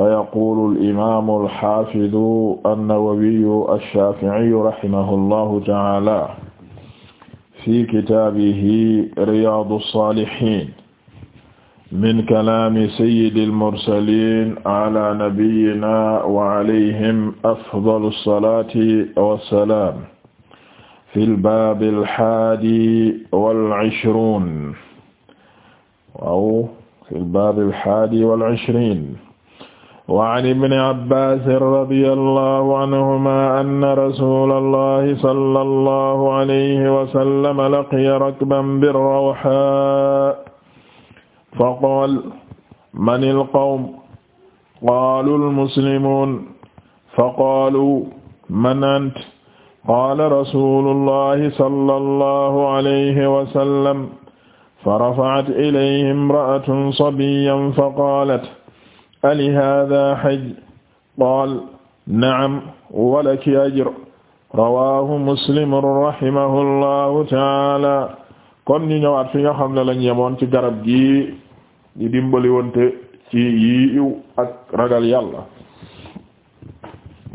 فيقول الإمام الحافظ النووي الشافعي رحمه الله تعالى في كتابه رياض الصالحين من كلام سيد المرسلين على نبينا وعليهم أفضل الصلاة والسلام في الباب الحادي والعشرون أو في الباب الحادي والعشرين وعن ابن عباس رضي الله عنهما أن رسول الله صلى الله عليه وسلم لقي ركبا بالروحاء فقال من القوم قالوا المسلمون فقالوا من أنت قال رسول الله صلى الله عليه وسلم فرفعت إليه امرأة صبيا فقالت ali hada haj qaal naam walaki ajr rawahu muslim rahimahu llahu taala kon ñu ñëwaat fi nga xam ne lañ yemoon ci garab gi di dimbaliwonte ci yiiw ak ragal yàlla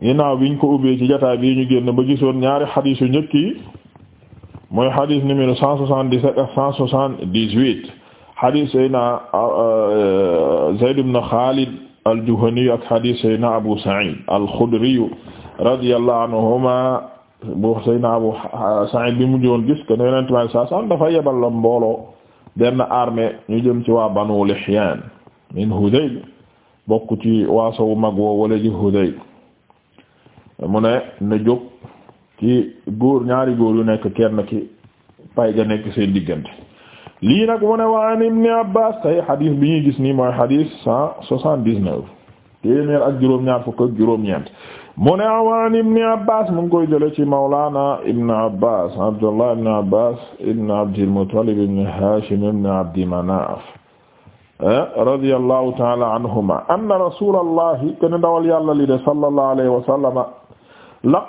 ginnaaw biñ ko ubbee ci jotaay bi ñu génn ba gisoon ñaari xadiis yu njëkk yi mooy xadiis numéro cent soixante-dix-sept ak cent huit xadis sayna uh, uh, Zayd ibn Xaalid al-Juhani ak xadis sayna Abu Saïd al-Xudri radiyallahu anhuma bu Abu Saïd bi mu joon gis ne Yonent bi saa saam dafa yebal la mbooloo benn armée ñu jëm ci waa Banu Lihyaan min Hudayl bokk ci waaso wu mag woo wala ji Hudayl mu ne na jóg ci góor ñaari góor yu nekk kenn ki pay ga nekk seen diggante lii nag mu ne wa an ibni abbas tay xadis gis ni mooy xadis cent soixante-dix-neuf téeméer ak juróom-ñaar fukk ak juróom-ñeent mu ne wa an ibni abbas mu ngi koy jële ci mawlana ibni abbas abdullah ibni abbas ibni abdil muttalib ibni hashim ibni abdi manaf eh, radiyallahu taala anhuma anna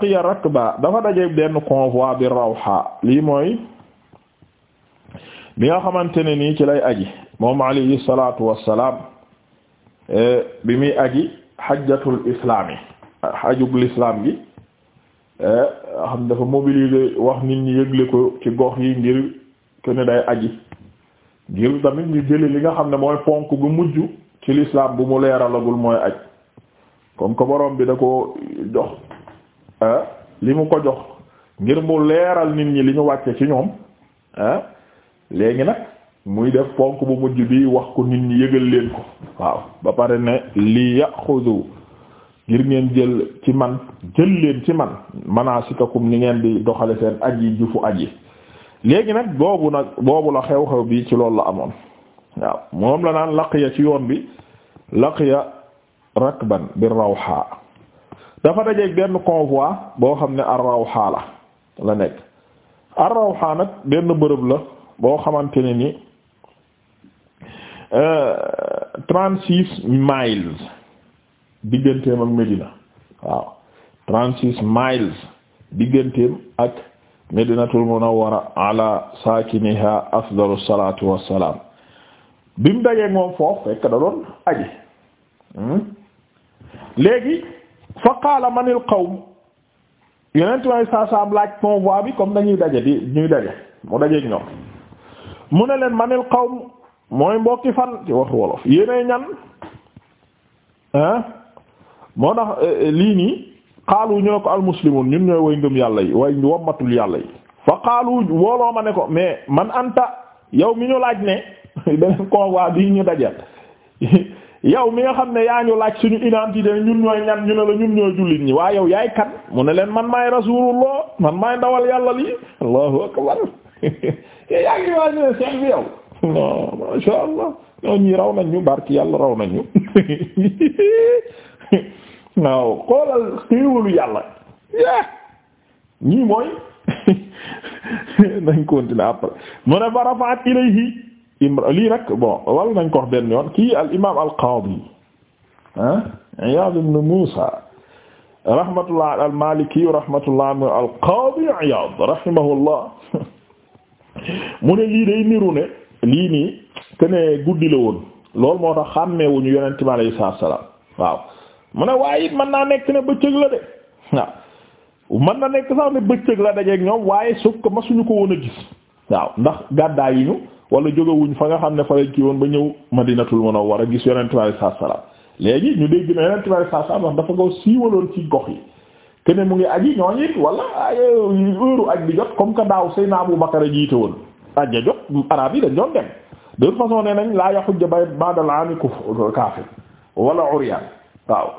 li rakba dafa daje benn convoi bi rawha lii mooy li nga xamante ne nii ci lay aji moom alayhi salatu salaam e, bi muy aji xajjatul islaam yi ajug lislaam gi e, xam dafa mobiliser wax nit ñi yëgle ko ci gox yi ngir ke ne day aji ngir tamit ñu jëli li nga xam ne mooy ponk bu mujj ci lislaam bu mu leeralagul mooy aj comme que bi da ko jox e, li mu ko jox ngir mu leeral nit ñi li ñu wàcce ci ñoom léegi nag muy def ponk bu mujj bi wax ko nit ñi yëgal leen ko waaw ba pare ne li yaxudu ngir ngeen jël ci man jël leen ci man si manasikakum ni ngeen di doxale seen aj yi jufu aj yi léegi nag boobu nag boobu la xew-xew bi ci loolu la amoon waaw moom la naan laqiya ci yoon bi ya laqiya rakban bi rawha dafa dajeeg benn convoi boo xam ne ar rawha la la nekk ar rawha nag benn bërëb la boo xamante ne ni euh, trente six miles digganteem ak Medina waaw trente six miles digganteem ak Medinatul Munawwara ala saakiniha afdalu salaatu wassalaam bi mu dajee moom foofu fekk da doon hmm? léegi fa qaala manil qawm yeneen tubaab yi saa saa laaj convoi bi comme dañuy daje di ñuy daje mu dajeeg ñoom. mu ne leen manil qawm mooy mbokki fan ci wax wolof yéenay ñan moo tax eh, lii nii xaalu ñu ne ko almuslimun ñun ñooy way ngëm yàlla yi way wommatul yàlla yi fa xaalu wooloo ma ne ko mais man anta yow mi ñu laaj ne beneen convoi bi ñu dajal yow mi nga xam ne yaa ñu laaj suñu identité ñun ñooy ñan ñu ne la ñun ñooy jullit ñi waa yow yaay kan mu ne leen man maay rasulullah man maay ndawal yàlla lii allahu akbar te yaa ngi imaginer Cheikh bi yow non masha Allah ñoo ñi raw nañ ñu barki yàlla raw nañ ñu waaw xoolal xéewalu yàlla eh, ñii mooy nañ continuer après mu ne ba rafaat ilayhi imra lii nag bon wala nañ ko wax benn yoon kii al imaam al qaadi ah Iyaad ibn Muusa rahmatullah al maliki rahmatullah al qaadi Iyaad rahimahullah mu ne lii day niru ne lii nii que ne guddi la woon lool moo tax xàmmeewuñu yonent bi alayhi salaatu salaam waaw mu ne waaye it mën naa nekk ne bëccëg la de waaw mën na nekk sax ne bëccëg la dajeek ñoom waaye suuf ko ma masuñu ko woon a gis waaw ndax gàddaay yi ñu wala jógewuñ fa nga xam ne fa lañ kii woon ba ñëw Madinatul Munawwara gis yonent bi alayhi salaatu salaam léegi ñu dégg ne yonent bi alayhi salaatu salaam dafa ko siiwaloon ci gox yi. keneen mu ngi aji ñooñu it wala heure aj jot comme que daaw Seydina Abu Bakar a jiite woon ajja jot arab yi dañ doon dem de toute façon nee nañ laa yaxujja bay badal ami ku kaafir wala uryan waaw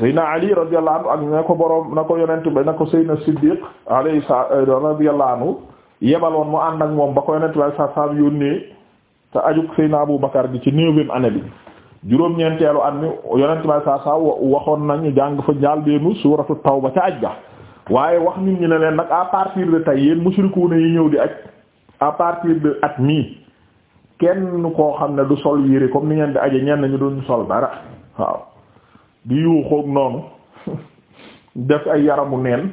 Seydina Ali radiyallahu anhu ak na ko boroom na ko yonent ba na ko Seydina Siddiq alayhi radiyallahu anhu yebaloon mu ànd ak moom ba ko yonent bay sa sam yónnee te ajug Abu Bakar gi ci neuvième année bi juróom-ñeenteelu at mi yonent may saa saa waxoon nañu jàng fa njaalbeenu suuratu ba ca aj ga waaye wax nit ñi ne leen nag à partir de tey yéen musrikuuna yi ñëw di aj à partir de at mii kenn koo xam ne du sol yére comme ni ngeen di aje ñenn ñu duñ sol dara waaw di yuuxoog noonu def ay yaramu neen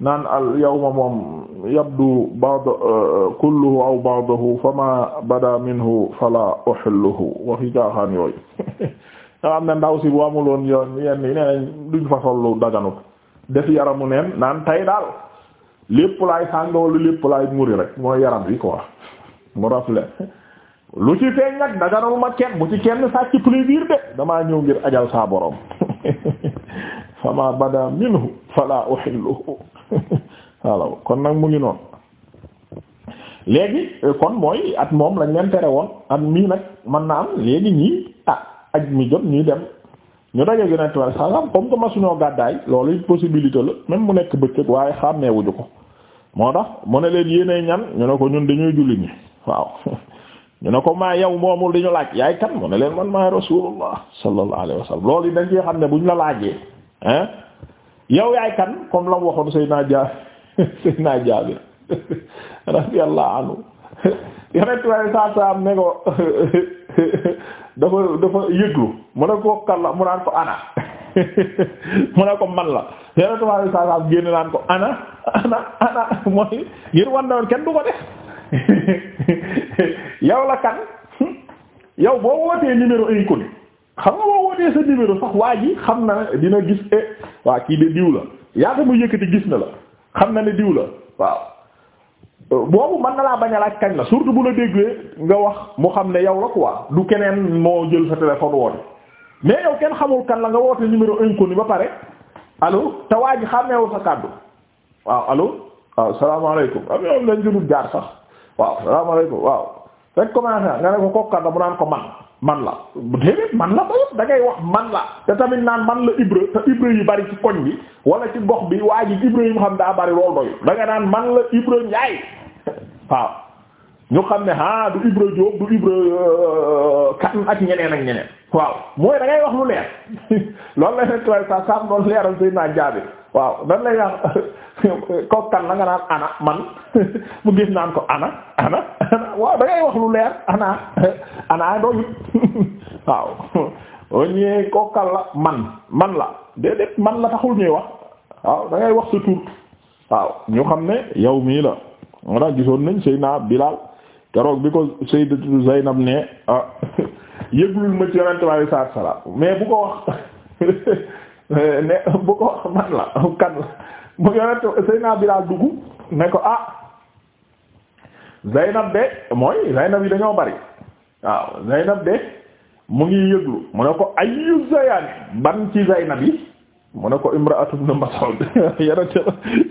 naan al yawma moom yabdu ba'd euh, euh, kulluhu aw ba'dahu fama bada minhu fala uhilluhu waxi caaxaan yooyu nga xam ne ndaw si bu yoon yenn yi neenañ duñ fa sollu daganut def yaramu neen naan tay daal lépp laay sànga wala lépp laay muri rek mooy yaram ko quoi mu rafle lu ci feeñ nag daganul ma kenn bu ci kenn sàcc plaisir de damaa ñëw ngir ajal saa borom fama bada minhu fala uhilluhu waaw kon nag mu ngi noonu léegi euh, kon mooy at moom lañ leen tere woon at mii nag mën naa am léegi ñii ah aj mi jot ñuy dem ñu daje gën a tuwal saasam comme que masuñoo gàddaay loolu possibilité la même mu nekk bëccëg waaye xàmmeewuñu ko moo tax mu ne leen yéenay ñan ñu ne ko ñun dañuy julli ñi waaw ñu ne ko maa yow moomul di ñu laaj yaay kan mu ne leen man maay rasulullah sallallahu alayhi wasallam loolu yi dañ ci xam ne ñu la laajee hein yow yaay kan comme la mu waxoon Seydina Jaa Seydina Jaabir radiyallahu anhu yonent waaye saa saa am ne ko dafa dafa yëglu mu ne ko kan la mu naan ko ana mu ne ko man la yonent waaye saa saa am génn naan ko ana ana ana mooy ngir wandoon kenn du ko def yow la kan yow boo wootee numéro inconnu xam nga boo wootee sa numéro sax waa ji xam na dina gis eh, waa kii de diw la yaakaar mu yëkkati gis na la xam na ne diw la waaw boobu mën na laa bañ a laaj kañ la surtout bu la déggee nga wax mu xam ne yow la quoi du keneen moo jël sa téléphone woote mais yow kenn xamul kan la nga woote numéro inconnu ba pare allo te waa ji xàmmeewul sa kàddu waaw allo waaw salaamaaleykum am yow lañ jëlul jaar sax waaw salaamaaleykum waaw rek commencé nga ne ko kooku man la déedéet man la ba da ngay wax man la te tamit naan man la ibra te ibra yu bari ci koñ bi wala ci gox bi waa ji ibra yu xam daa bari lool doyu da nga naan man la ibra njaay waaw ñu xam ne ah du ibra Diop du ibra euh, kan ak ñeneen ak ñeneen waaw mooy dangay wax lu leer loolu la nekk sa sam noonu leeral sëy naa jaabir waaw nan lay yàq kooku la nga naan ana man mu gis naan ko ana ana waaw da wax lu leer ana ana doyut waaw boo ñëwee la man man la déedéet man la taxul ñuy wax waaw da wax sa tur waaw ñu xam ne yow mii la moo tax gisoon nañ Seydina Bilal keroog bi ko Sayyidatu Zaynab ne ah yëglul ma ci Yonent bi sallallahu alayhi mais bu ko wax. Euh, ne bu ko wax man la kan la mu yonent Seydina Bilaal ne ko ah Zaynab de mooy Zaynab yi dañoo bari waaw Zaynab de mu ngi yëglu mu ne ko ay zayaani ban ci Zaynab yi mu ne ko imraatu ibn Mas'ud yonent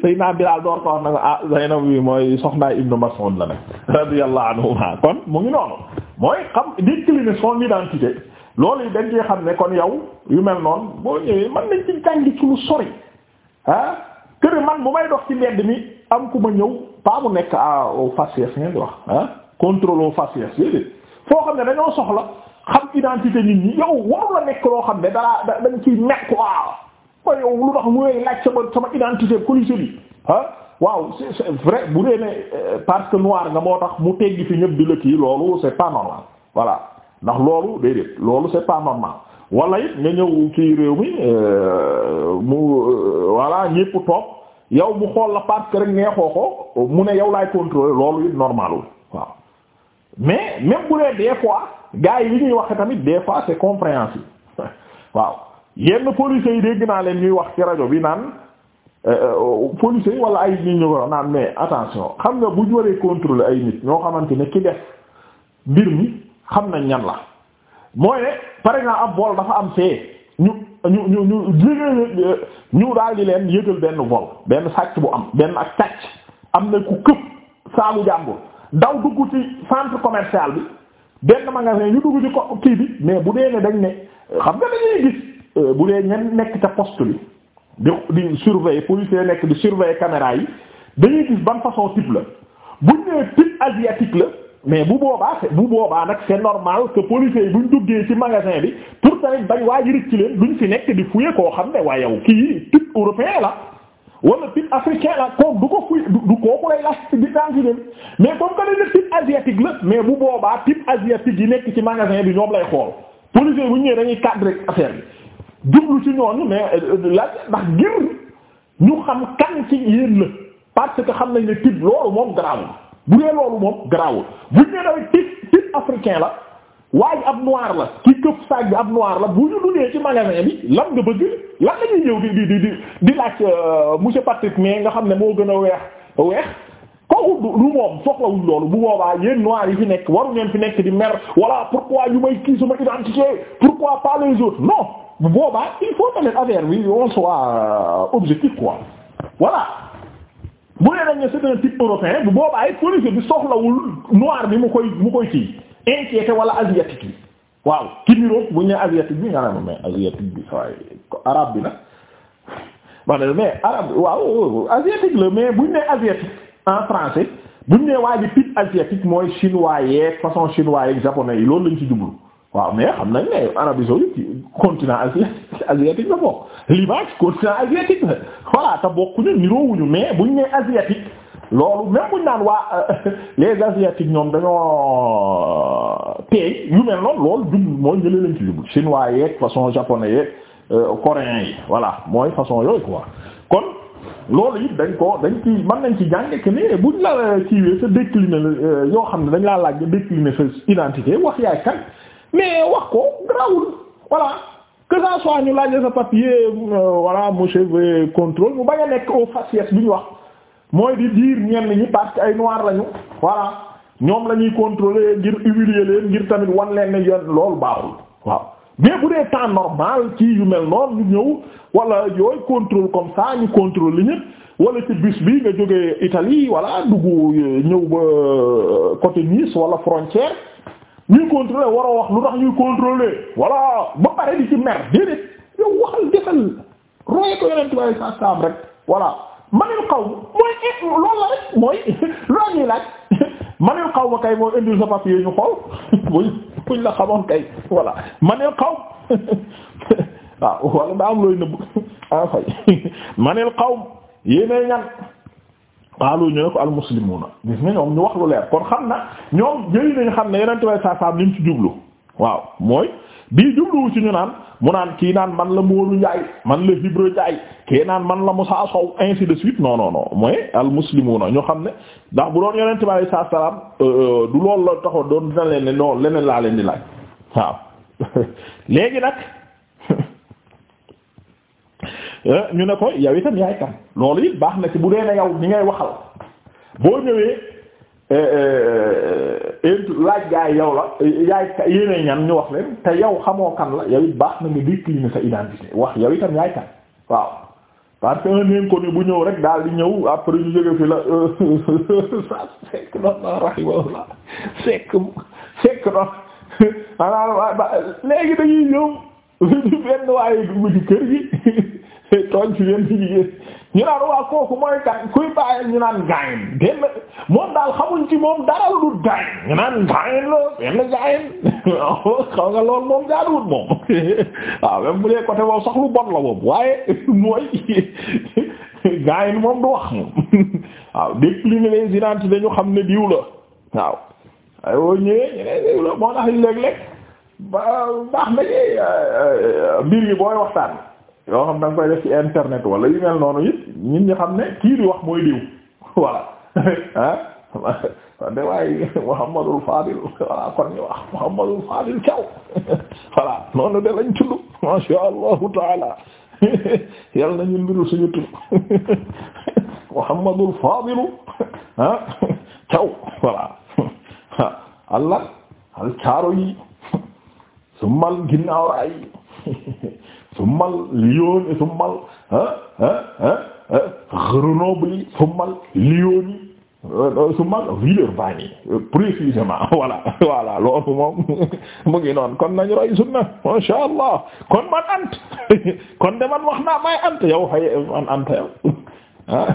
Seydina Bilaal door ko wax ne ko ah Zaynab yi mooy soxnaay ibn Mas'ud la nag radiyallahu anhu kon mu ngi noonu mooy xam décliner son identité loolu yi dañ ci xam ne kon yow yu mel noon boo ñëwee man nañ ci jàngi ci lu sori ah kër man bu may dox ci mbedd mi am ku ma ñëw pas mu nekk à ah, faciès ngeen di wax ah contrôle au faciès déedéet foo xam ne dañoo soxla xam identité nit ñi yow waru la nekk loo xam ne dalaa da dañ ciy nekk waaw mooy yow lu tax muy laaj sama sama identité police bi waaw c'est vrai bu dee ne euh, parce que noir nga moo tax mu teggi fi ñëpp di la kii loolu c'est pas normal voilà. ndax loolu déedéet loolu c'est pas normal wala it nga ñëw kii réew mi euh, mu euh, voilà ñépp toog yow mu xool la parce que rek neexoo ko mu ne yow laay contrôler loolu it normalul waaw mais même bu dee des fois gars yi li ñuy wax tamit des fois c'est compréhensible waaw yenn policiers yi dégg naa leen ñuy wax ci rajo bi naan euh, policiers yi wala ay nit ñu naan mais attention xam nga bu ñu waree contrôler ay nit ñoo xamante ne ki def mbir mi xam nañ ñan la mooy ne par exemple am bool dafa am fee ñu ñu ñu ñu ñu daal di leen yëgal benn bool benn sàcc bu am benn ak sàcc am na ku këpp saagu jàmbur daw dugg ci centre commercial bi benn magasin ñu dugg ci ko kii bi mais bu dee ne dañ ne xam nga dañuy gis euh, bu dee ñen nekk ca poste bi di di surveiller policier nekk di surveiller caméra yi dañuy gis ban façon type la buñ nee type asiatique la. mais bu boobaa bu boobaa nag c'est normal que policiers yi buñ duggee ci magasin bi pour tamit bañ waa ji rëcc leen duñ fi nekk di fuye koo xam ne waa yow kii type européen la wala type africain la kooku du ko fuye du kooku lay laaj di daan ci dem mais comme que dañuy type asiatique la mais bu boobaa type asiatique yi nekk ci magasin bi ñoom lay xool policiers yi bu ñu ñëwee dañuy cadrer affaire bi jublu ci ñooñu mais euh, euh, la ndax ngir ñu xam kan ci yéen la parce que xam nañ ne type loolu moom garaawul. bu dee loolu moom garaawul buñ nee daway tit tit africain la waaye ab noir la ki këpp saag bi ab noir la bu ñu duggee ci magasin bi lan nga bëgg lan la ñuy ñëw di di di di di laaj euh, monsieur Patrick mais nga xam ne moo gën a weex weex kooku du moom soxlawuñ loolu bu boobaa yéen noirs yi fi nekk waru ngeen fi nekk di mer voilà pourquoi ñu may kii sama identité pourquoi pas les autres non bu boobaa il faut tamit affaire bi on soit euh, objectif quoi voilà bu nee nañ ne c'est un type européen bu boobaa it police bi soxlawul m bi mu koy mu koy kii inquiété wala asiatique bi waaw ki niroog bu ñu nee asiatique bi nga ne ma mais asiatique bi waaye arabe bi nag ma ne mais arabe waaw asiatique la mais bu ñu nee asiatique en français bu ñu nee waa ji type asiatique mooy chinois yeeg façon chinois yeeg japonais yi loolu lañ ci jublu waaw mais xam nañ ne Arabie saoudite continent asiatique. marché asiatique la bokk l'image continent asiatique la voilà te bokkuñu niroowuñu mais buñ nee asiatique loolu même buñ naan waa les asiatiques ñoom dañoo euh, teey yu mel noonu loolu jublu mooy ñële lañ ci jublu chinois yeeg façon japonais yeeg euh, coréens yi voilà mooy façon yooyu quoi kon loolu it dañ ko dañ ci mën nañ ci jàng que ne buñ la euh, kiiwee sa décliner yoo xam ne dañ laa laaj nga décliner sa identité wax yaay kan mais wax ko grawul voilà que ça soit ñu laaj sa papier euh, voilà monsieur contrôle mu bañ a nekk au faciès bi ñu wax mooy di diir ñenn ñi parce que ay noir lañu voilà ñoom la ñuy contrôler ngir humilier leen ngir tamit wan leen ne yoon loolu baaxul waaw mais bu dee temps normal ci yu mel noonu ñëw wala yooyu contrôle comme ça ñu contrôle li ñëpp wala ci bus bi nga jógee Italie voilà dugg euh, ñëw ba euh, côté Nice wala frontière ñuy contrôler waroo wax lu tax ñuy contrôler voilà ba pare di ci mer déedéet yow waxal defal roye ko yonent bi sa saam rek voilà manil xaw la rek mooy loolu manil xaw ma kay mooy indil sa papier ñu xool buñ buñ la xamoon kay voilà manil xaw waaw ah, wala daa am looy nëbb a ah, fay manil xaw yéenee ñan xaalu ñu ne ko almuslimuna gis nga ñoom ñu wax lu leer kon xam na ñoom jëli nañ xam ne yeneen tubaab saa saam li mu ci jublu waaw mooy bii jubluwu ci ñu naan mu naan kii naan man la Móodu Njaay man la Ibra Njaay kii naan man la Musaa Sow ainsi de suite non non non mooy almuslimuna ñu xam ne ndax bu doon yeneen tubaab saa saam du lool la taxaw doon dina leen ne non leneen laa leen di laaj waaw léegi nag. Eh, ñu ne ko yow itam yaay kan loolu it baax na ci bu dee ne yow ñi ngay waxal boo ñëwee eh, eh, laaj gaay yow la yaay yéenee ñan ñu wax leen te yow xamoo kan la yow it baax na nga décliner sa identité wax yow itam bu ñëw rek daal di ñëw après ñu jóge fi la sa sekk doon na waaye dugg ci kër gi tooñ ci yéen ci jigéen ñu naan a kooku mooy gan kuy bàyyil ñu naan gaayen benn moom daal xamuñ ci moom dara lu dul ñu naan gaayen la benn gaayen xaw nga lool moom jaaduwul moom waaw même bu dee côté moom sax lu bon la moom waaye mooy gaayen moom du wax moom waaw décliner les identités dañu xam ne diw la waaw ay woo ñëwee ñeneen diw moo tax léeg-léeg baax na ci euh, euh, mbir yi booy waxtaan yoo xam da nga koy def ci internet wala yu mel noonu it ñun ñi xam ne kii wax mooy diw voilà ah de Muhammadul Fadil Muhammadul Fadil Thiaw voilà noonu de lañ tudd ma sha Allahu taala yal nañu mbiru suñu tudd Muhammadul Fadilu ah Thiaw voilà Allah al caaro yi su ginnaaw raay summal Lyon summal ah ah ah Grenoble summal Lyon euh, summal Villeurbanne précisément voilà voilà loolu moom mu ngi noonu kon nañu roy sunna masha Allah kon man ant kon de man wax naa may ant yow xëy man ant yow ah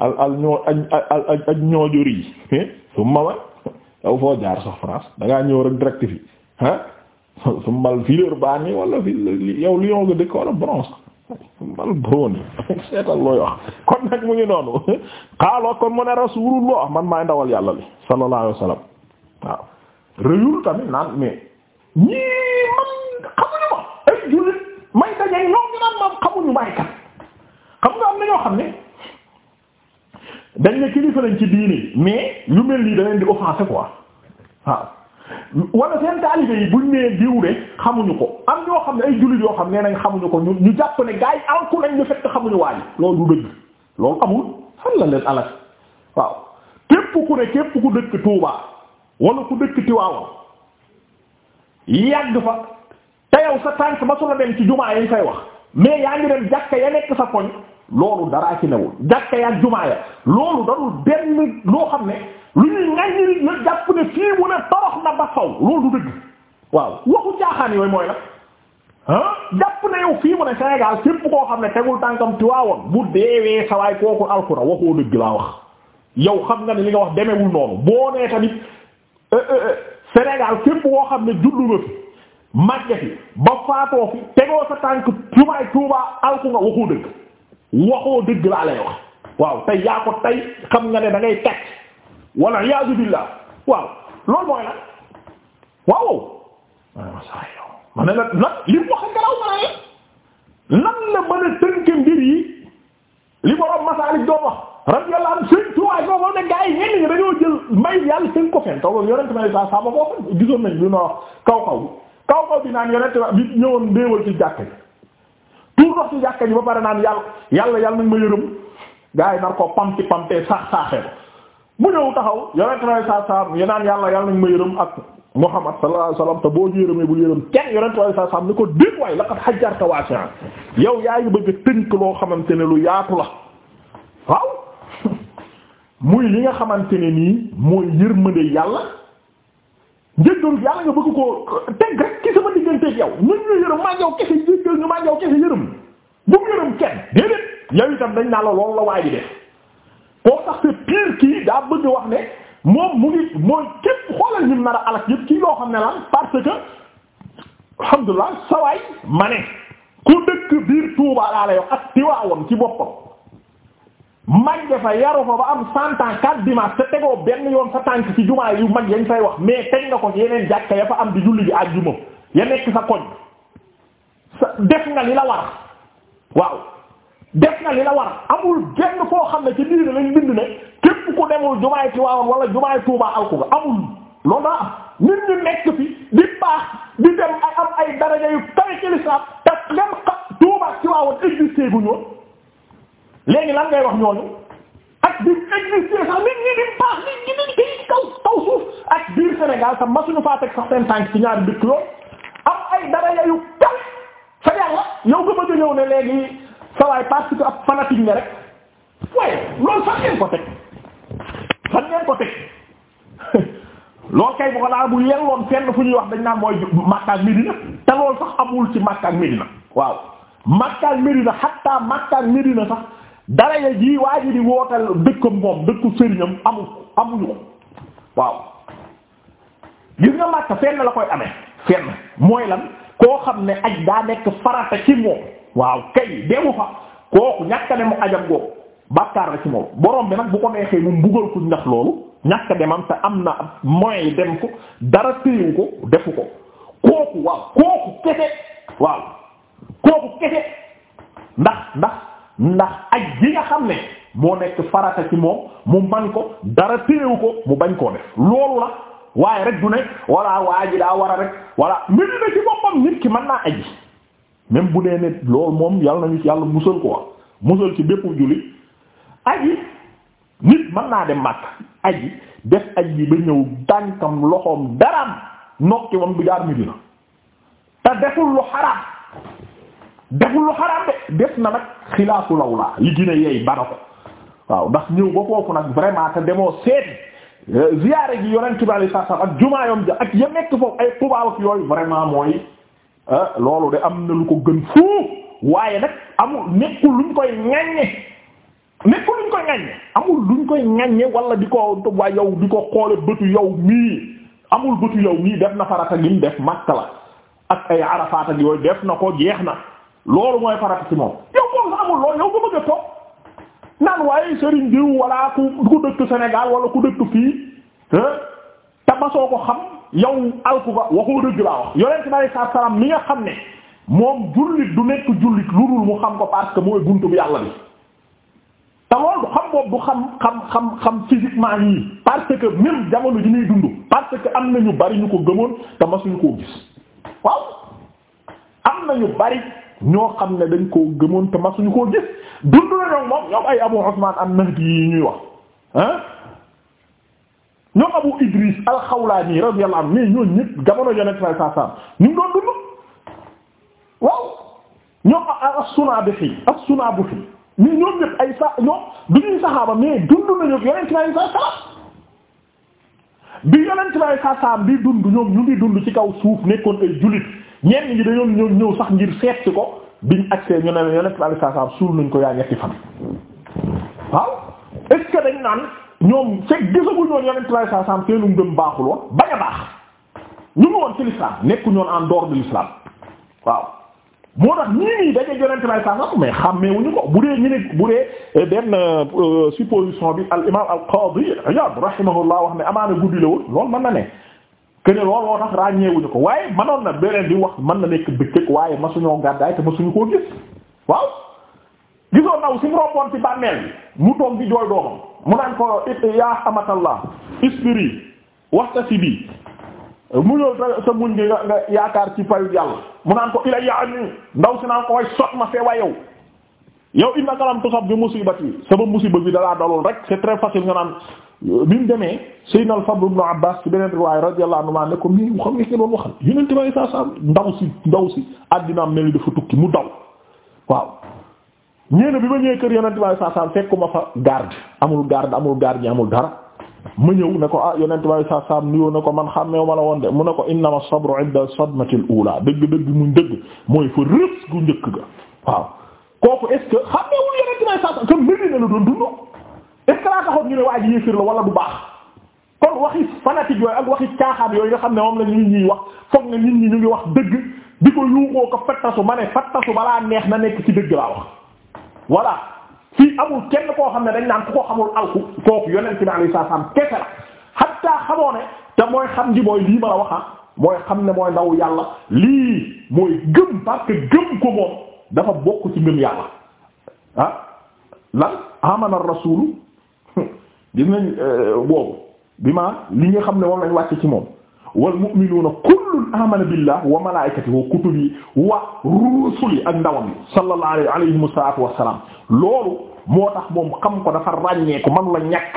al al ñoo al al al ñoo jur yi eh, summa yow foo jaar sax France da ngaa ñëw rek direct fi ah. su mbal Villeurbanne wala ville yow Lyon nga dëkk wala Bronx mbal Brony seetal looy wax kon nag mu ngi noonu xaaloo kon mu ne Rasulullah man maay ndawal yàlla li sallallahu alayhi wasallam waaw rëyul tamit naan mais man xamuñu ma ay jullit may dajay ñoom ñu naan man xamuñu may kat xam nga am na ñoo xam ne dañ ne kilifa lañ ci diini mais yu mel nii da leen di offensé quoi waaw wala seen taalibe yi buñ nee diw de xamuñu ko am ñoo xam ne ay jullit yoo xam ne nañ xamuñu ko ñu ñu jàpp ne gaa yi alku ñu fekk xamuñu waaye loolu du dëgg loolu amul fan la waaw képp ku ne képp ku dëkk Touba wala ku dëkk Tiwaawan yàgg fa te yow sa tànk ba su la dem ci jumaa yañ fay wax mais yaa ngi dem jàkka ya nekk sa koñ loolu daraa ci newul jàkka ya jumaa ya loolu darul benn loo xam ne lu ñuy ŋaññi nga jàpp ne fii mu ne torox na ba faw loolu dëgg waaw waxu caaxaan yooyu mooy la ah jàpp ne yow fii mu ne Sénégal képp koo xam ne tegul tànkam Tiwaawoon bu deewee sawaay kooku alxura waxoo dëgg xam nga ne li wax demewul noonu boo nee tamit euh, euh, euh, képp koo xam ne juddu nga tànk tubaay tuubaa alku nga waxoo dëgg laa lay wax waaw tey yaa ko tey xam nga ne dangay ngay teg. wal iyaadu billah waaw loolu mooy lan waaw waaw saa yow ma ne la lan li mu wax garaw ma ne lan la mën a tënk mbir yi li borom Masaalik doon wax radiyallahu anhu sëñ Tuubaa ñoo xam ne gars yi ñenn ñi dañoo jël mbay yàlla seen ko fenn toog yonent ma ne saa saa ma boo xam gisoon nañ lu ñu wax kaw kaw kaw kaw bi naan yonent ma bi ñëwoon déewal ci jàkk ji tuur ndox ci jàkk ji ba pare naan yàlla yàlla yàlla nañ ma yërëm gars yi nar ko pamti pamtee sax saaxee ko mu ñëw taxaw yonent bi sallallahu alayhi wasallam yi naan yàlla yàlla nañ ma yërëm ak Muhammad sallallahu alayhi wasallam te boo ñu yërëmee bu yërëm kenn yonent bi sallallahu alayhi wasallam ni ko dégg waaye laqad hajjarta wasi'an yow yaa ngi bëgg a tënk loo xamante ne lu yaatu la waaw muy li nga xamante ne nii mooy yërmande yàlla njëggal yàlla nga bëgg koo teg rek ki sama digganteeg yow ñun ñu yërëm maa yow kese ñu maa yow kese yërëm bu yërëm kenn déedéet yow itam dañ naa la loolu la waa ji koo daa bëgg wax ne moom mu ngi mooy képp xoolal ñu nar a alak yëpp ci loo xam ne lan parce que alhamdulilah sawaay ma ne ku dëkk biir Touba laa lay wax ak Tiwaawoon ci boppam mag dafa yaru fa ba am cent ans quatre dimanche te tegoo benn yoon sa tànk ci jumaa yu mag yañ fay wax mais teg nga ko ci yeneen jàkka ya fa am di julli ji àjjuma ya nekk sa koñ sa def nga li la war waaw def nga li la war amul benn foo xam ne ci biir lañ bind ne képp ku demul jumaay Tiwaawan wala jumaay Tuubaa alku nga amul loolu daa am nit ñu nekk fi di baax di dem am ay daraja yu kawe ci lislaam te même bu ñoon léegi lan ngay wax ñooñu ak di existé sax nit ñi di baax nit ñi di kaw kaw suuf ak biir Sénégal sax masuñu faa teg sax seen tànk ci ñaari dëkk yooyu am ay daraja yu kawe fa yàlla yow nga bëgg a ñëw ne léegi sawaay parce que ab fanatique nga rek waaye loolu sax ngeen ko teg fan ngeen ko teg loolu kay bu ko naa bu yelloon fenn fu ñuy wax dañ naa mooy Makka ak Medina te loolu sax amul ci Makka ak Medina waaw Makka ak Medina hatta Makka ak Medina sax dara ya ji waa di wootal dëkkam moom dëkku sëriñam amu amuñu ko waaw gis nga Makka fenn la koy amee fenn mooy lan koo xam ne aj daa nekk farata ci moom waaw kay demu fa kooku ñàkk mu ajam googu bàkkaar la ci moom borom bi nag bu ko neexee mu mbugal ko ndax loolu ñàkk demam te am na moyen yi dem ko dara téyewu ko defu ko kooku waaw kooku kese waaw kooku kese ndax ndax ndax aj ji nga xam ne moo nekk farata ci moom mu man ko dara téyewu ko mu bañ koo def loolu la waaye rek du ne walla waa ji daa war rek walla mbir na ci boppam nit ki mën naa aj même bu nee ne loolu moom yàlla nañu ci yàlla musal ko wax musal ci bépp jullit aji nit mën naa dem màkk aji def aji yi ba ñëw dànkam loxoom daraam nokki wam bu jaar Medina te deful lu xaraam deful lu xaraam de def na nag xilaafu law laa li gën a yeey bana ko waaw ndax ñëw ba foofu nag vraiment te demoo seeti euh, ziyaare gi yonent bi sallallahu alayhi wasallam ak jumaayom ja ak ya nekk foofu ay Tuubaa yooyu vraiment mooy euh, loolu de am na lu ko gën foofu waaye nag amul nekkul luñ koy ñaññe nekk luñ koy ŋaññe amul luñ koy ŋaññe wala di ko waaye yow di ko xoole bëtu yow mii amul bëtu yow mii def na farata lim def makka la ak ay arafaat ak yooyu def na ko jeex na loolu mooy farata ci moom yow moom la a toog naan waaye sëriñ diw wala ku ku dëkk Sénégal ko xam yow alku ba waxoo dëgg laa wax yonent bi alayhi salaam mi nga xam ne moom jullit du nekk jullit lu dul mu xam ko parce que mooy buntu bi yàlla bi te loolu xam boobu du xam xam xam xam physiquement nii parce que même jamono ji muy dund parce que am na ñu bari ñu ko gëmoon te masuñu koo gis na ñu bari ñoo xam ne dañ koo gëmoon te masuñu koo gis dund la ñoom moom ñoom ay Abu Usman an-Nahdi yi ñuy wax ah ñoom Abu Idris al-Xawlaani radiyallahu anhu mais ñoo jamono yonent sallallahu alayhi wasallam ñu ngi dund waaw ñoom as-Sunaabihi as-Sunaabihi ni ñoom ñëpp ay sa ñoom du ñuy saxaaba mais dund na yonent bi alayhi salaam bi yonent bi alayhi bi dund ñoom ñu ngi dund ci kaw suuf nekkoon ay jullit ñenn ñi dañoo ñëw ñëw sax ngir seet si ko biñ agsee ñu ne yonent nañ ko yaa ñetti fan. waaw est-ce que dañ naan ñoom fekk gisaguñu woon yonent bi alayhi salaam seenu ngëm baaxul woon bañ a baax ñu ngi woon ci l'islam nekkuñu woon en de l'islam waaw. moo tax ñii nii dañuy yonente may sànam mais xàmmeewuñu ko bu dee ñu ne bu dee eh, benn euh, supposition bi al imam al qadi Iyad rahimahullah wax ne amaana guddi la woon loolu mën na ne que ne loolu moo tax ràññeewuñu ko waaye mënoon na beneen bi wax man na nekk bëccëg waaye ma masuñoo gàddaay te masuñu koo gis waaw gisoon naw si mu romboon ci bàmmeel bi mu toog bi jooy doomam mu naan ko yaa amatallah si waxtasibi muñol sa muñ gi nga nga yaakaar ci payu yàlla mu naan ko ila yaani ndaw si naan ko way sot ma fee wa yow yow innaka lam tusab bi musibati sama musiba bi dalaa dalul rek c'est très facile nga naan euh, bi mu demee sayyidna al-Fadl ibn Abbas ci beneen riwaaya radiyallahu anhu maa ne ko mi xam nga ki doon waxal yonent bi saa saa ndaw si ndaw si àddina mel ni dafa tukki mu daw waaw ñeena bi ma ñëwee kër yonent bi saa saa fekkuma fa garde amul garde amul gardien amul dara ma ñëw ne ko ah yonent baay saa saam nuyoo ne ko man xàmmeew ma la woon de mu ne ko innama sabru inda sadmatil ula dëgg-dëgg mu dëgg mooy fa rës gu njëkk ga waaw kooku est ce que xàmmeewul la ne waa ji yéefir wala du baax kon waxi fanatique yooyu yooyu nga xam ne moom la nit ñi wax foog na nit wax dëgg di ko yuuxoo ko fattasu ma ne fattasu balaa neex na nekk ci dëgg laa wax voilà fii amul kenn koo xam ne dañ naan ku ko xamul alku foofu yonent bi saa salaam kese la hatta xamoo ne te mooy xam ji mooy lii ma la waxa ah, mooy xam ne mooy ndaw yàlla lii mooy gëm parce gëm ko moom dafa bokk ci ngëm yàlla ah lan amana euh, bi ma li nga xam ne moom lañ wàcc ci moom wal mu'minuuna kullun amana billah wa malaa'ikatihi wa kutubihi wa rusulihi ak ndawam yi sallallahu alayhi wa sallam loolu moo tax moom xam ko dafa ràññeeku man la ñàkk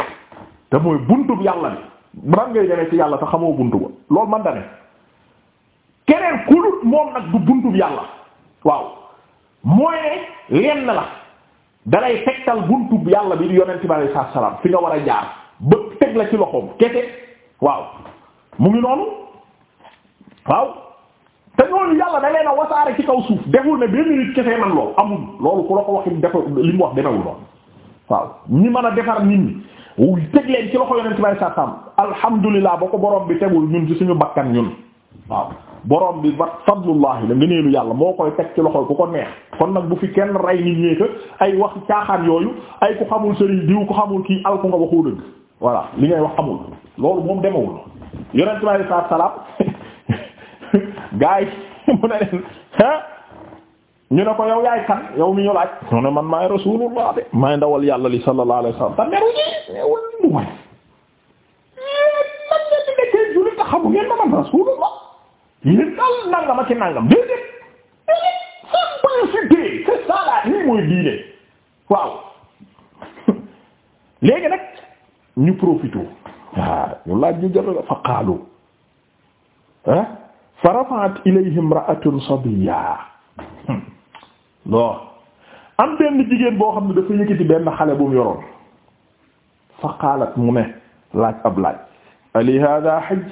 te mooy buntu yàlla bi ran ngay demee ci yàlla te xamoo buntu ba loolu man da ne keneen kulut moom nag du buntu yàlla waaw mooy ne lenn la dalay tegtal buntu yàlla bi di yonent bi alayhi salaam fi nga war a jaar ba teg la ci loxoom kese waaw mu ngi noonu waaw te ñooñu yàlla da leen a wasaare ci kaw suuf deful ne benn nit kese man loolu amul loolu ku la ko waxi defa li mu wax demewul noonu waaw ñi mën a defar nit ñi teg leen ci loxo yonent bi sallallahu alayhi wasallam alhamdulillah ba ko boroom bi tegul ñun ci suñu bakkan ñun waaw boroom bi ba fadlullahi la ngëneelu yàlla moo koy teg ci loxo ku ko neex kon nag bu fi kenn rey nit ñeeka ay wax caaxaan yooyu ay ku xamul sëriñ diw ku xamul kii alku nga waxoo voilà li ngay wax xamul loolu moom demewul yonent bi alayhi salaatu salaam gaa mu ne leen ah ñu ne ko yow yaay kan yow mi ñu laaj. ñu man maay rasulullah de maay ndawal yàlla li sallallahu alayhi wasallam. te meru ji neewul lu may. man de bi nekkee jullit nga xamu ngeen ma man rasulullah. yéen daal nangam ak i nangam déedéet. simplicité c'est ça la ni mooy diine waaw léegi nag. ñu profité ñu laaj ñu jot fa qaalu ah fa rafa'at ilayhi imra'atun sabiyya hmm. bon am benn jigéen boo xam ne dafa yëkkati benn xale bu mu yoroon fa qaalat mu ne laaj ab laaj ali hada hajj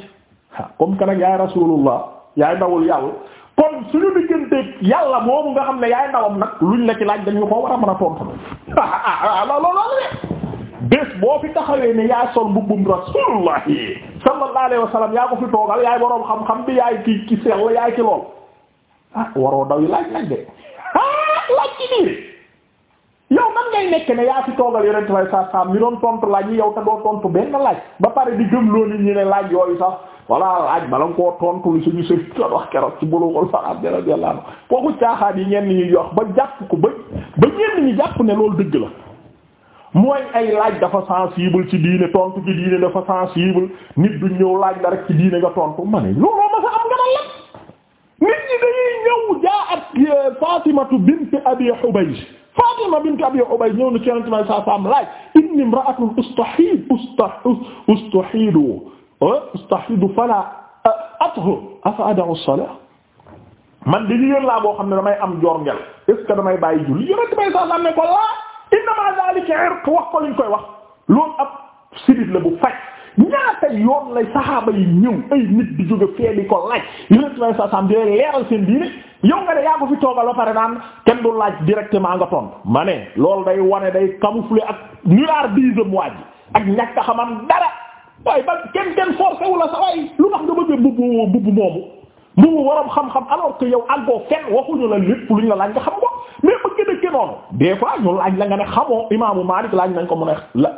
comme que nag yaay rasulullah yaay ndawul yàlla kon suñu digganteeg yàlla moomu nga xam ne yaay ndawam nag luñ la laaj dañu ko war a mën a tontu ah, ah, ah, loolu loolu bés boo fi taxawee ni yaay sol mbubbum rasulullahi sallallahu alayhi wa sallam yaa ko fi toogal yaay boroom xam-xam bi yaay ki ki sell yaay ki lool ah waroo daw yi laaj laaj de ah laaj ci diine yow man ngay nekk ne yaa fi toogal yonent way sa sam mi doon tontu laaj yi yow te doo tontu benn laaj ba pare di gëm loo nit ñi ne laaj yooyu sax voilà laaj bala nga koo tontu li suñu sëriñ la wax keroog ci Bulughul Maram bi radiyallahu anhu kooku yi ñenn ñi yox ko ba ba ñenn la mooy ay laaj dafa sensible ci diine tontu ci diine dafa sensible nit du ñëw laaj la rek ci diine nga tontu ma ne looloo ma sa nit ñi dañuy ñëw jaa ak euh, Fatimatu bint Abi Hubaysh Fatima bint Abi Hubaysh ñëw na ci Yonent bi saa saam laaj inni imra'atun ustahiid ustahiidu ustahiidu euh, fala euh, athur afa ada'u as man di jigéen laa boo xam ne damay am jorngel est ce que damay bàyyi julli Yonent bi saa saam ne ko laa innama zalika irq wax ko liñ koy wax loolu ab sidit la bu faj ñaata yoon lay saxaaba yi ñëw ay nit di jóge fee ko laaj bi saa saam di leeral seen diine yow nga ne yaa ko fi toogal ba pare naan kenn du laaj directement nga tontu ma ne loolu day wane day camoufler ak nullardisme waa ak ñàkk a xamam dara waaye ba kenn kenn forcé wu la sa waaye lu tax nga bëgg bubb bubb moomu bubb waroom xam-xam alors que yow àggoo fenn waxuñu la lépp luñ la laaj nga xam ko noonu des ñu laaj la nga ne xamoo imaamu Maalik laaj nañ ko mu ne la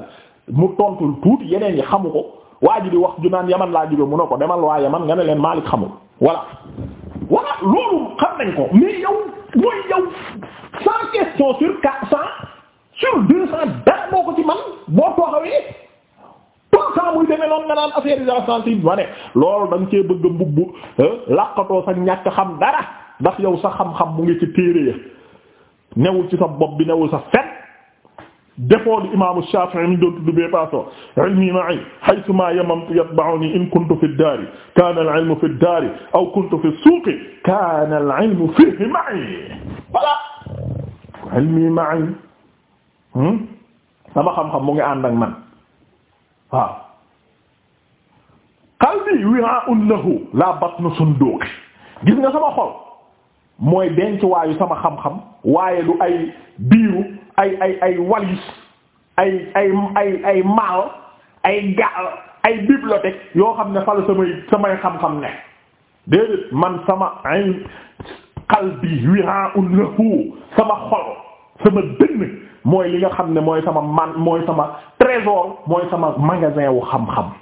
mu tontul tuuti yeneen yi xamu ko waa wax ju naan yaman laa jóge mu ko demal waa yaman nga ne leen Maalik xamul voilà loolu xam nañ ko mais yow mooy yow cent questions sur deux cent dara boo ko ci man boo tooxawee tout le temps muy demee noonu nga naan affaire yi sensible ma ne loolu da nga cee bëgg a mbubb làqatoo sa ñàkk xam dara ndax yow sa xam-xam mu ngi ci téere ya newul ci sa bopp bi newul sa fet defoo li imaamu Shaafi'i mi doon tudd bee paasoo ilmi ma'i haythuma yamamtu yatba'uni in kuntu fi daari kaana al-ilmu fi daari aw kuntu fi suuqi kaana al-ilmu fiihi ma'i voilà ilmi ma'i hmm? sama xam-xam mu ngi ànd ak man waaw qalbi wi'a'un lahu la batnu sunduuqi gis nga sama xol mooy denc waayu sama xam-xam waaye lu ay biiru ay ay ay walis ay ay ay ay maal ay gaal ay bibliothèque yoo xam ne fala samay samay xam-xam ne déedéet man sama ay qalbi wira'un lahu sama xol sama dënn mooy li nga xam ne mooy sama man mooy sama trésor mooy sama magasin wu xam-xam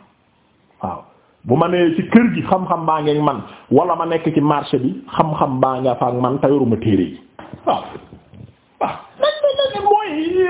waaw bu ma nee ci kër gi xam-xam baa ngeen man wala ma nekk ci marché bi xam-xam baa nga fa ak man te yoruma téere yi waaw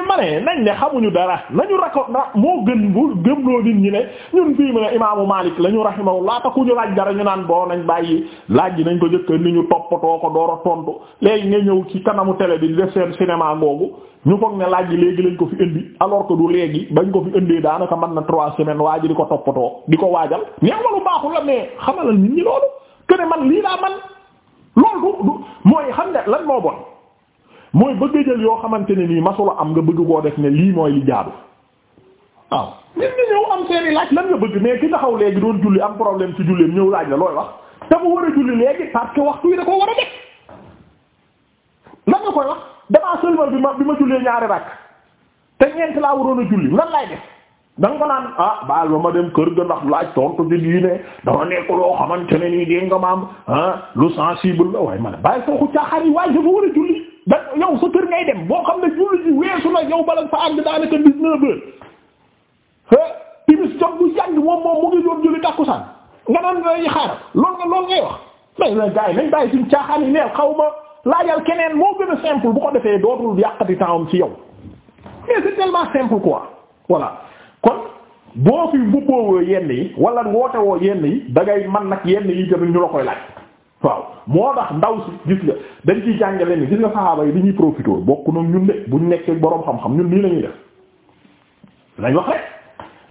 ma ne nañ ne xamuñu dara nañu rako moo gën bu gëmloo nit ñi ne ñun fii mu ne imaamu Maalik la ñu rahimahullah ta ku ñu laaj dara ñu naan boo nañ bàyyi laaj ji nañ ko jëkk ni ñu toppatoo ko door a tontu léegi nga ñëw ci kanamu télé bi def seen cinéma googu ñu foog ne laaj ji léegi lañ ko fi indi alors que du léegi bañ ko fi indee daanaka man na trois semaines waa ji di ko toppatoo di ko waajal ñeewalu baaxul la mais xamalal nit ñi loolu que ne man lii daa lan moo bon mooy bëgg jël yoo xamante ne nii masula am nga bëgg koo def ne lii mooy li jaadu waaw nit ñi ñëw am seeni laaj lan nga bëgg mais ki taxaw léegi doon julli am problème ci julleem ñëw laaj la looy wax te war a julli léegi parce waxtu yi da koo war a def lan nga koy wax damaa sëlmal bi ma bi ma jullee ñaari rakk te ñeent laa waroon a julli lan laay def da nga ko naan ah baal ba ma dem kër ga ndax laaj tontu ci diine dama nekk loo xamante nii dégg nga ah ma ne a da yow sa kër ngay dem boo xam ne julli ji weesu na yow bala fa àgg daanaka dix-neuf heures timis jot bu yàgg moom moom mu ngi doon julli tàkkusaan nga naan dañuy xaar loolu nga loolu ngay wax mais la gars yi nañ bàyyi suñ caaxaan yi neew xaw ma laajal keneen moo gën a simple bu ko defee dootul yàqati temps ci yow mais c'est tellement simple quoi voilà kon boo fi mbubboowoo yenn yi wala woote woo yenn yi da man nag yenn yi tamit ñu la koy laaj waaw moo tax ndaw si gis nga dañ ciy jàngale ni gis nga saxaaba yi li ñuy profité bokk na ñun de buñ nekkee boroom xam-xam ñun nii lañuy def lañ wax rek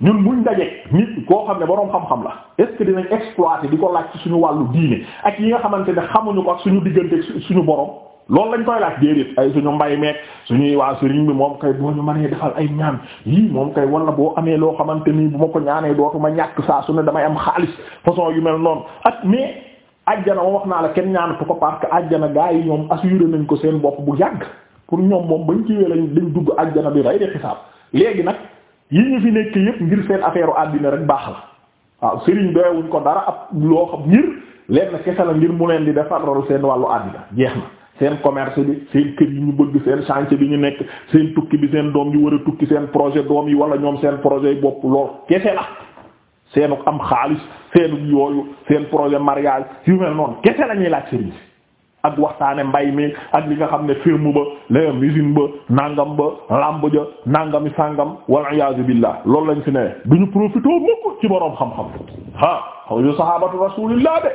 ñun buñ dajee nit koo xam ne boroom xam-xam la est-ce que dinañ exploiter di ko laaj suñu wàllu diine ak yi nga xamante ne xamuñu ko ak suñu diggante suñu boroom loolu lañ koy laaj déedéet ay suñu mbay meek suñuy waa sëriñ bi moom kay boo ñu mënee defal ay ñaan yii moom kay wala boo amee loo xamante nii bu ma ko ñaanee dootuma ñàkk saa su damay am xaalis façon yu mel noonu ak mais ajjana moom wax naa la kenn ñaanatu ko parce que ajjana gaa yi ñoom assuré nañ ko seen bopp bu yàgg pour ñoom moom bañ ciwee lañ dañ dugg ajjana bi rey de xisaab léegi nag yi ñu fi nekk yëpp ngir seen affaire àddina rek baax la waaw sëriñ doyewuñ ko dara ab loo xam ngir lenn kese la ngir mu leen di defaral seen wàllu àddina jeex na seen commerce bi seen kër yi ñu bëgg seen chantier bi ñu nekk seen tukki bi seen doom yi war a tukki seen projet doom yi wala ñoom seen projet yi bopp lool seenu am xaalis seenu yooyu seen projet mariage yu mel noonu kese la ñuy laaj sëriñ si ak waxtaane mbay mi ak li nga xam ne firme ba layam usine ba nangam ba lamb ja nangami sàngam wal iyaazu billah loolu lañ fi ne du ñu profité mukk ci boroom xam-xam ah xaw yu sahabatu rasulillah de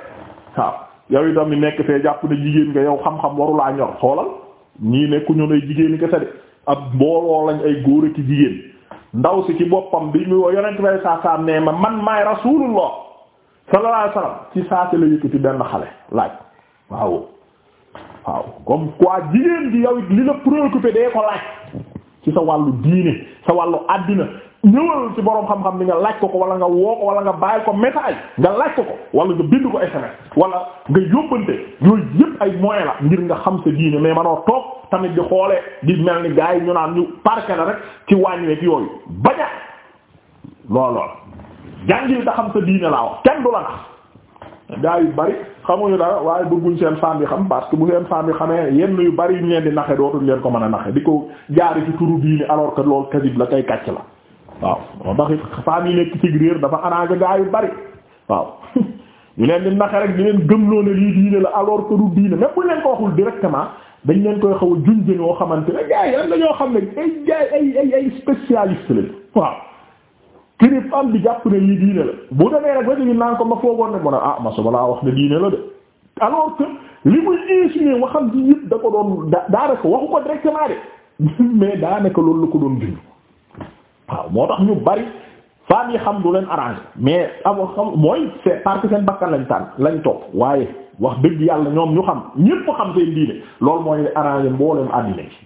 waaw yow itam mi nekk fee jàpp ne jigéen nga yow xam-xam warulaa ñor xoolal ñii nekku ñoom ay jigéen kese de ab mbooloo lañ ay góor ak jigéen ndaw si ci boppam bi mu yonent bay saa saa ma man maay rasulullah sallallahu alayhi wasallam saa la yëkkati benn xale laaj waaw waaw comme quoi jigéen bi yow it li la préoccupé dee ko laaj ci sa wàllu diine sa wàllu àddina ñëwal ci boroom xam-xam bi nga laaj ko ko wala nga woo ko wala nga bàyyi ko message nga laaj ko ko wala nga bind ko SMS wala nga yóbbante yooyu yëpp ay moyens la ngir nga xam sa diine mais manoo toog tamit di xoolee di mel ni gaa yi ñu naan ñu parke la rek ci wàññiweeg yooyu baña loolool jàngil da xam sa diine laa wax kenn du la nax gars yu bari xamuñu dara waaye bëgguñ seen femme yi xam parce que bu seen femme yi xamee yenn yu bari yu ñu leen di naxe dootuñ leen ko mën a naxe di ko jaari ci turu diine alors que loolu kadib la kay kàcc la waaw moo taxit femme yi nekk ci réer dafa arrangé gars yu bari waaw ñu leen di naxe rek di leen gëmloo ne lii la alors que du diine dañ leen koy xaw a junj ñoo xamante ne gars yi am na xam ne ay gars lañ waaw. kirib am bi jàpp ne lii diine bu demee rek ba ñu naan ko ma ma ah laa wax ne diine la li muy insinué waxam ci ko doon ko directement mais daanaka loolu la ko doon waaw moo tax ñu bari femme yi xam du leen arrangé mais am xam mooy c'est parce que seen lañ tànn lañ topp waaye. wax dëgg yàlla ñoom ñu xam ñépp xam seen diine loolu mooy arrangé mboolem àddina ci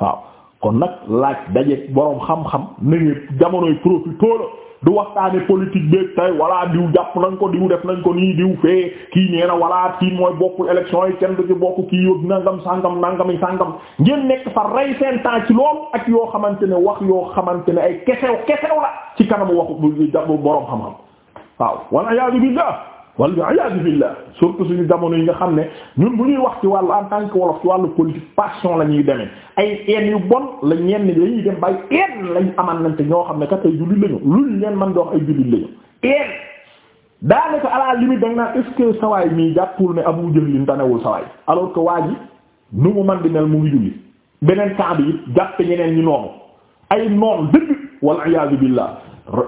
waaw kon nag laaj dajeeg boroom xam-xam nañu jamonoy profitoo la du waxtaane politique beeg tey walla diw jàpp nañ ko diw def nañ ko nii diw fee kii nee na walla kii mooy bokku élection yi kenn du ci bokk kii yóbbu nangam sàngam nangami sangam ngeen nekk fa rey seen temps ci loolu ak yoo xamante ne wax yoo xamante ne ay kesew kesew la ci kanamu waxu bu boroom xam-xam wal iyaadu billah surtout suñu jamono yi nga xam ne ñun bu ñuy wax ci wàllu en tant que wolof ci wàllu politique passion la ñuy demee ay een yu bon la ñenn lañuy dem bay een lañ amanante ñoo xam ne kat ay jullit lañu luñ leen mën di wax ay jullit lañu een daanaka à la limite da nga naan est-ce que sawaay mii jàppul ne Abu Jahl tanewul sawaay alors que waa ji nu mu man di mel mu ngi julli beneen temps bi it jàppe ñeneen ñi noonu ay noon dëgg wal iyaadu billah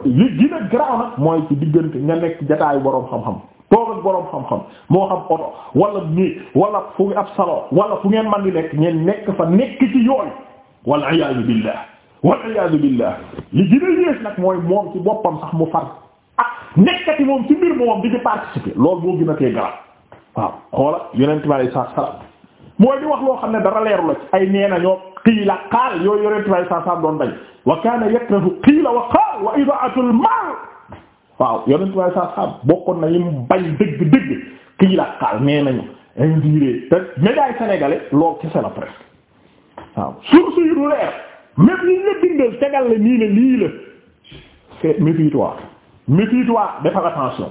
li gën a garaaw mooy ci diggante nga nekk jataayu boroom toog boroom xam-xam moo xam oto wala néeg wala fu ab salon wala fu ngeen man di nekk ngeen nekk fa nekk ci yooyu wal iyaadu billah wal iyaadu billah li gën a yées nag mooy moom ci boppam sax mu far ak nekkati moom ci mbir moom di ci participer loolu moo gën a tee garab waaw xoola yonent bi alay saa salaam mooy di wax loo xam ne dara leeru la ay nee na ñoo qiila qaal yooyu yonent bi alay saa salaam doon dañ wa kaana yakrahu qiila wa qaal wa idaa'atul maal waaw yonent waaye saa saa bokkoon na yi mu bañ dëgg dëgg kii la xaal nee nañu indiré te médias lool kese la presque waaw source yu du leer même yi nga bindal tegal la nii ne lii la c'est méfie-toi méfie-toi defal attention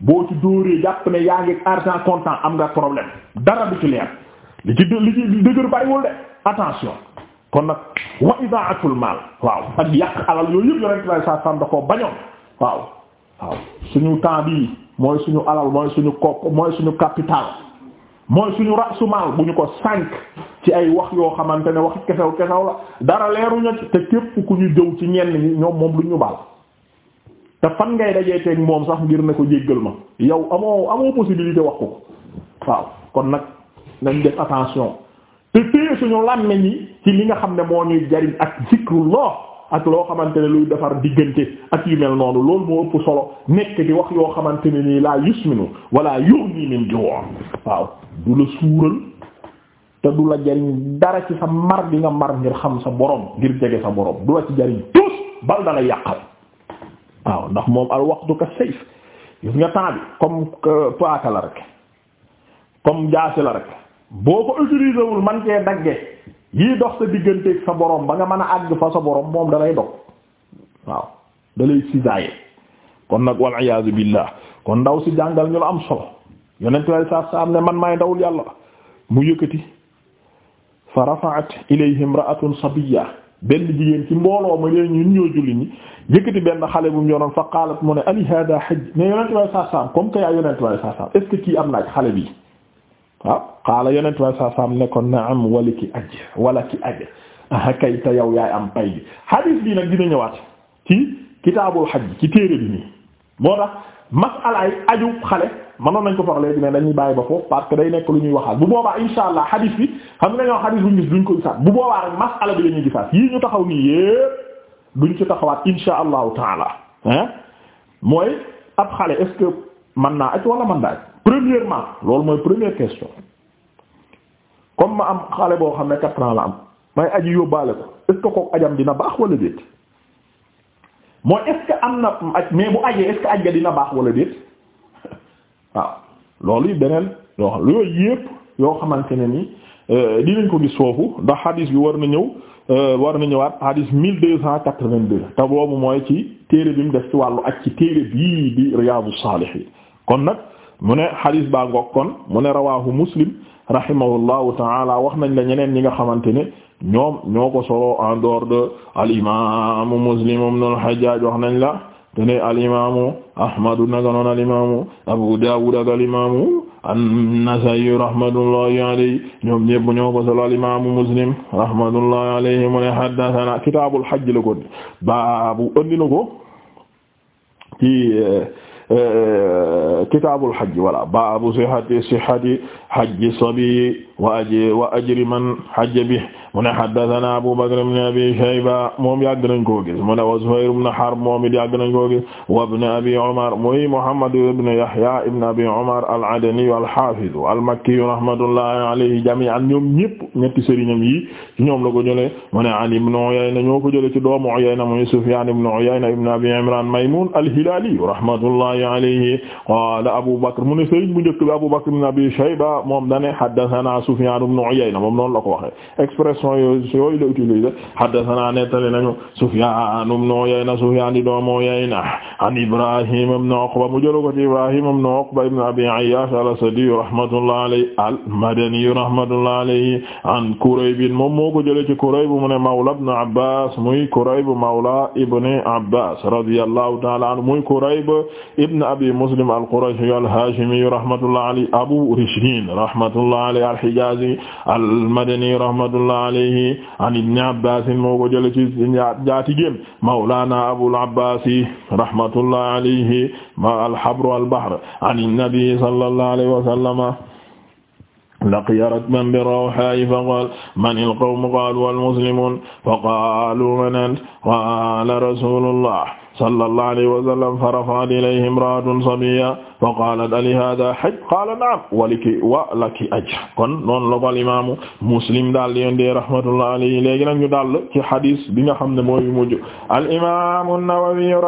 boo ci dóoree jàpp ne yaa ngi argent comptant am nga problème dara du ci leer li ci li ci dëgër de attention kon nag wa idaatul maal waaw ak yàq alal yooyu yëpp yonent waaye saa saa da koo bañoon waaw waaw suñu temps bi mooy suñu alal mooy suñu kopp mooy suñu capital mooy suñu rasumaal bu ñu ko sànk ci ay wax yoo xamante ne waxi kesew kesew la dara leeruñu ci te képp ku ñu jëw ci ñenn ñi ñoom moom duñ ñu baal te fan ngay dajee te moom sax ngir ne ko jéggal ma yow amoo amoo possibilité waxu ko waaw kon nag nañ def attention te téye suñu làmmiñ yi ci li nga xam ne moo ñuy jariñ ak loo ak loo xamante ne luy defar diggante ak yu mel noonu loolu moo ëpp solo nekk di wax yoo xamante ne nii laa yusminu wala yughni min ju' waaw du la suural te du la jariñ dara ci sa mar bi nga mar ngir xam sa borom ngir jege sa boroom du la ci jariñ tous bal da yàqal waaw ndax moom al waqtu ka sayf gis nga temps comme paaka la rek comme jaasi la rek boo ko utiliser man cee dagge yii dox sa digganteeg sa borom ba nga mën a àgg fa sa borom moom dalay dog waaw dalay sisaye kon nag wal iyaazu billah kon ndaw si jàngal ñu la am solo yonent lay saat sa am ne man maay ndawul yàlla mu yëkkati fa rafa'at ilayhi imra'atun sabiyya benn jigéen ci mbooloo ma leen ñun ñoo julli ñi yëkkati benn xale bu mu yoroon fa qaalat mu ne ali hada hajj mais yonent lay saat sa am comme que yaa yonent lay saat sa am est-ce kii am naaj xale bii waaw xaala yonent way saa saam ne ko naam wala ki aj wala ki aj aha kay te yow yaay am pay bi hadis bi nag dina ñëwaat ci kitaabul xaj ci téere bi nii moo tax masalaay aju xale mënoon nañ ko fax léegi ne dañuy bàyyi ba foofu parce que day nekk lu ñuy waxaat bu boobaa insha allah hadis bi xam nga ñoo hadis buñ gis duñ ko gisaat bu boobaa rek masala bi la ñuy gisaat yii ñu taxaw nii yépp duñ ci taxawaat insha allahu taala ah mooy ab xale est mën naa aj wala mën premièrement loolu mooy première question comme ma am xale boo xam ne quatre la am may aji yóbbaale ko est-ce que kooku ajam dina baax wala déet mooy est-ce am na aj mais bu ajee est-ce aj ga dina baax wala déet waaw loolu yi beneen yoo xam yooyu yépp yoo xamante ne ni euh, dinañ ko gis foofu ndax hadis bi war na ñëw euh, war na ñëwaat hadis mille deux cent quatre-vingt-deux te boobu mooy ci téere bi mu def ci wàllu aj ci téere bii di Riyâdous-Sâlihîne kon nag mu ne xadis baa ngoog kon mu ne rawahu muslim rahimahullahu taala wax nañ la ñeneen ñi nga xamante ne ñoom ñoo ko solo en dehors de al imamu muslim ibn al hajjaj wax nañ la tene al imamu ahmadu naga noon al imamu abu dawud ak al imamu an-nasa'i rahmatullahi ñoom ñépp ñoo ko solo al imamu muslim rahmatullahi alayhi mu ne haddathana kitabul la ko baabu andi ko Eh, eh, kitaabul hajj wala baabu sihhati sihhati hajji sabi wa aji wa ajri man hajja bi mu ne haddathana Abu Bakr ibn Abi Shayba moom yàgg nañ koo gis mu ne wa Zuhayr ibn Harb moom it yàgg nañ koo gis wa ibn Abi Umar muy Muhammad ibn Yahya ibn Abi Umar al-Adani al-Hafiz al-Makki rahmatullahi alayhi jami'an ñoom ñëpp ñetti sëriñam yi ci ñoom la ko jëlee mu ne an ibn Uyayna ñoo ko jëlee ci doomu Uyayna muy Sufyan ibn Uyayna ibn Abi Imran Maymun al-Hilali rahmatullahi alayhi qala Abu Bakr mu ne sëriñ bu njëkk bi Abu Bakr ibn Abi Shayba qaala moom dane haddathana Sufyaan ibn Uyayna moom noonu la ko waxee expression yooyu yooyu la utilisé haddathana nettali nañu Sufyaan ibn Uyayna Sufyaan di doomu Uyayna an Ibraahiim ibn Uqba mu jëlu ko ci Ibraahiim ibn Uqba ibn Abi Ayyaash al-Asadi rahmatullahi alayhi al-Madani rahmatullahi alayhi an Kurayb moom moo ko jëlee ci Kurayb mu ne mawla ibn Abbaas muy Kurayb mawla ibn Abbaas radiyallahu ta'ala anhu muy Kurayb ibn Abi Muslim al-Qurashi al-Haashimi rahmatullahi alayhi Abu Rishdiin rahmatullah alayhi al-Hijazi al-Madani rahmatullah alayhi an Ibn Abbas moo ko jële ci njaatigéem Mawlana Abul Abbas rahmatullah alayhi ma al-Habr wal-Bahr an an-Nabi sallallahu alayhi wa sallama laqiya rakban bir-rawhaa'i faqaala mani al-qawmu qaaluu al-muslimuun faqaaluu man anta qaala rasuulullaah sallallahu alayhi wa sallam fa rafa'at ilayhi imra'atun sabiyya fa qaalat ali hada haj qaala na'am waliki wa laki ajr kon noonu la ko imaamu Muslim daal di yëndee rahmatullahi alayhi léegi nag ñu daal ci hadis bi nga xam ne mooy mujj al imaamu Nawawi